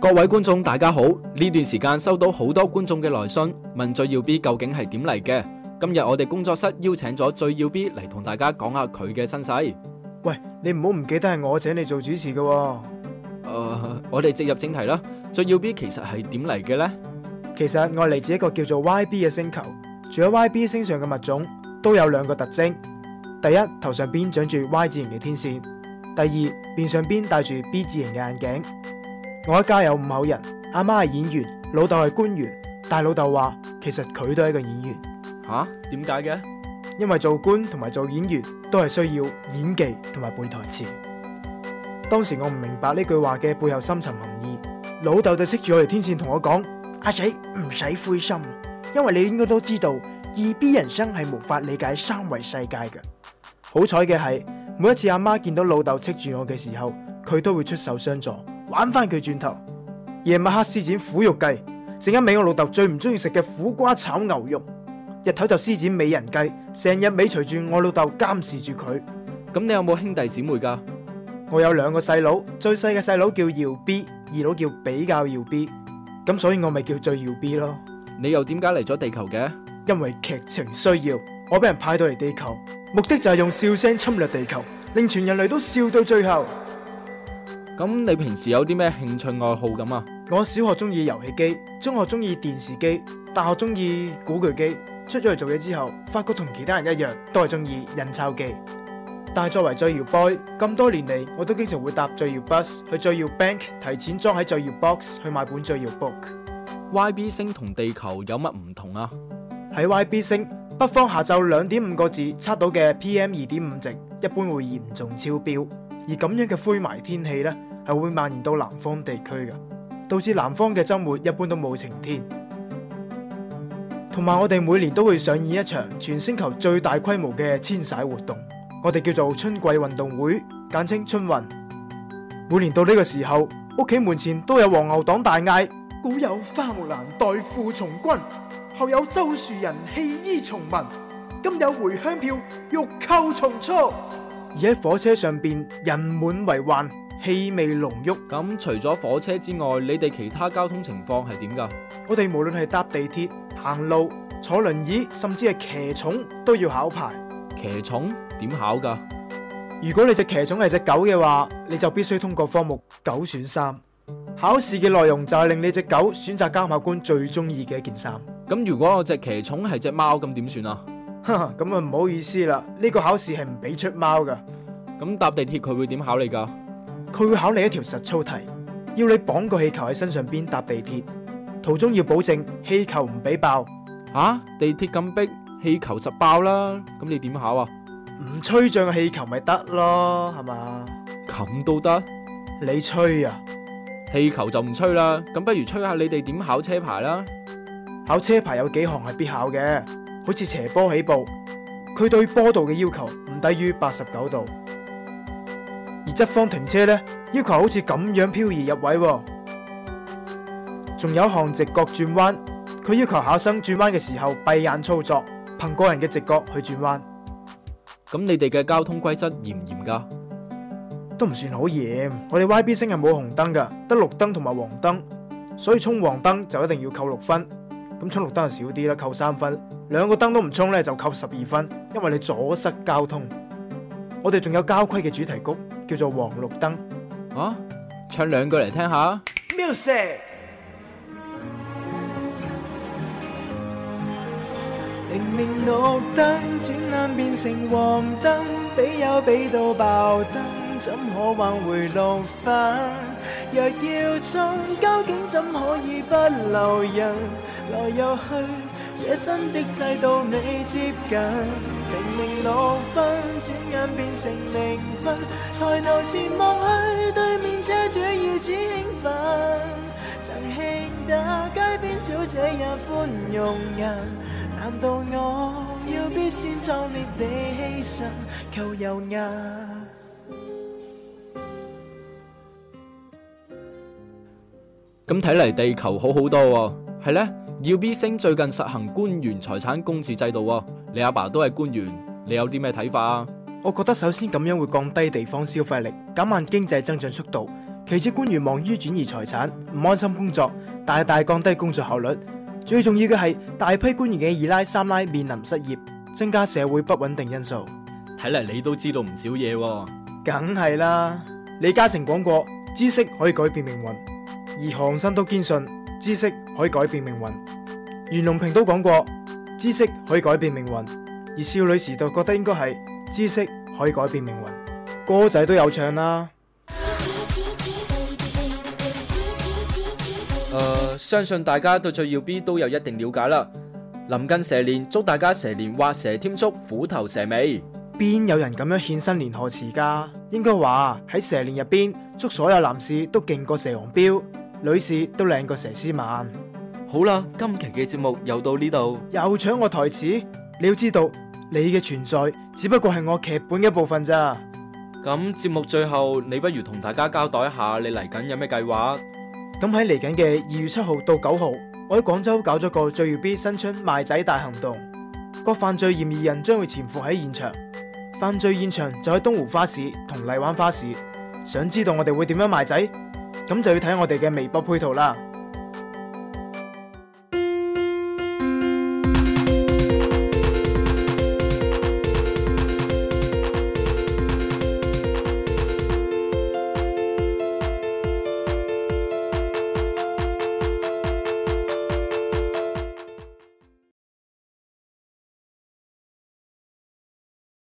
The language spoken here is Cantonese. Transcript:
各位觀眾，大家好！呢段時間收到好多觀眾嘅來信，問最耀 B 究竟係點嚟嘅。今日我哋工作室邀請咗最耀 B 嚟同大家講下佢嘅身世。喂，你唔好唔記得係我請你做主持嘅。誒，我哋直入正題啦。最耀 B 其實係點嚟嘅呢？其實我嚟自一個叫做 YB 嘅星球，除咗 YB 星上嘅物種都有兩個特徵。第一，頭上邊長住 Y 字型嘅天線，第二，面上邊戴住 B 字型嘅眼鏡。我一家有五口人，阿媽係演員，老豆係官員，但係老豆話其實佢都係一個演員。吓、啊，點解嘅？因為做官同埋做演員都係需要演技同埋背台詞。當時我唔明白呢句話嘅背後深層含義。老豆就識住我哋天線同我講：阿仔唔使灰心，因為你應該都知道二 B 人生係無法理解三維世界嘅。好彩嘅係，每一次阿媽見到老豆斥住我嘅時候，佢都會出手相助，玩翻佢轉頭。夜晚黑施展苦肉計，成日美我老豆最唔中意食嘅苦瓜炒牛肉。日頭就施展美人計，成日尾隨住我老豆監視住佢。咁你有冇兄弟姊妹㗎？我有兩個細佬，最細嘅細佬叫耀 B，二佬叫比較耀 B。咁所以我咪叫最耀 B 咯。你又點解嚟咗地球嘅？因為劇情需要，我俾人派到嚟地球。目的就係用笑聲侵略地球，令全人類都笑到最後。咁你平時有啲咩興趣愛好咁啊？我小學中意遊戲機，中學中意電視機，大學中意古巨基。出咗去做嘢之後，發覺同其他人一樣，都係中意印鈔機。但係作為最搖 boy，咁多年嚟，我都經常會搭最搖 bus 去最搖 bank 提錢裝喺最搖 box 去買本最搖 book。Y B 星同地球有乜唔同啊？喺 Y B 星。北方下晝兩點五個字測到嘅 PM 二點五值一般會嚴重超標，而咁樣嘅灰霾天氣呢，係會蔓延到南方地區嘅，導致南方嘅周末一般都冇晴天。同埋我哋每年都會上演一場全星球最大規模嘅遷徙活動，我哋叫做春季運動會，簡稱春運。每年到呢個時候，屋企門前都有黃牛黨大嗌：古有花木蘭代父從軍。後有周樹人棄醫從文，今有回鄉票欲購從速。而喺火車上面人滿為患，氣味濃郁。咁除咗火車之外，你哋其他交通情況係點噶？我哋無論係搭地鐵、行路、坐輪椅，甚至係騎寵都要考牌。騎寵點考噶？如果你隻騎寵係隻狗嘅話，你就必須通過科目九選三。考試嘅內容就係令你隻狗選擇監考官最中意嘅一件衫。咁如果我隻騎寵係隻貓，咁點算啊？咁啊唔好意思啦，呢個考試係唔俾出貓噶。咁搭地鐵佢會點考你噶？佢會考你一條實操題，要你綁個氣球喺身上邊搭地鐵，途中要保證氣球唔俾爆。啊？地鐵咁逼，氣球實爆啦。咁你點考啊？唔吹脹個氣球咪得咯，係嘛？咁都得？你吹啊？氣球就唔吹啦。咁不如吹下你哋點考車牌啦？考車牌有幾項係必考嘅，好似斜坡起步，佢對坡度嘅要求唔低於八十九度；而側方停車呢，要求好似咁樣漂移入位。仲有一項直角轉彎，佢要求考生轉彎嘅時候閉眼操作，憑個人嘅直覺去轉彎。咁你哋嘅交通規則嚴唔嚴噶？都唔算好嚴，我哋 YB 星係冇紅燈噶，得綠燈同埋黃燈，所以衝黃燈就一定要扣六分。咁出綠燈就少啲啦，扣三分；兩個燈都唔衝咧，就扣十二分，因為你阻塞交通。我哋仲有交規嘅主題曲，叫做《黃綠燈》啊，唱兩句嚟聽下。Music! 明明綠怎可挽回六分？若要衝究竟怎可以不留人？來又去，這新的制度未接近。明明六分，轉眼變成零分。抬頭前望去，對面車主如此興奮，曾慶燈，街邊小姐也寬容人。難道我要必先壯烈地犧牲，求有眼？咁睇嚟地球好好多喎。哦，係呢？耀 B 星最近實行官員財產公示制度。哦，你阿爸，爸都係官員，你有啲咩睇法啊？我覺得首先咁樣會降低地方消費力，減慢經濟增長速度；其次官員忙於轉移財產，唔安心工作，大大降低工作效率。最重要嘅係大批官員嘅二奶、三奶面臨失業，增加社會不穩定因素。睇嚟你都知道唔少嘢。哦，梗係啦。李嘉誠講過，知識可以改變命運。而韓生都堅信知識可以改變命運。袁隆平都講過知識可以改變命運。而少女時代覺得應該係知識可以改變命運。歌仔都有唱啦。誒、呃，相信大家對最耀 B 都有一定了解啦。臨近蛇年，祝大家蛇年畫蛇添足，虎頭蛇尾。邊有人咁樣獻新年賀詞㗎？應該話喺蛇年入邊，祝所有男士都勁過蛇王標。女士都靚過佘詩曼。好啦，今期嘅節目又到呢度，又搶我台詞。你要知道，你嘅存在只不過係我劇本嘅一部分咋。咁節目最後，你不如同大家交代一下，你嚟緊有咩計劃？咁喺嚟緊嘅二月七號到九號，我喺廣州搞咗個最耀 B 新春賣仔大行動。各犯罪嫌疑人將會潛伏喺現場，犯罪現場就喺東湖花市同荔灣花市。想知道我哋會點樣賣仔？咁就要睇下我哋嘅微博配圖啦。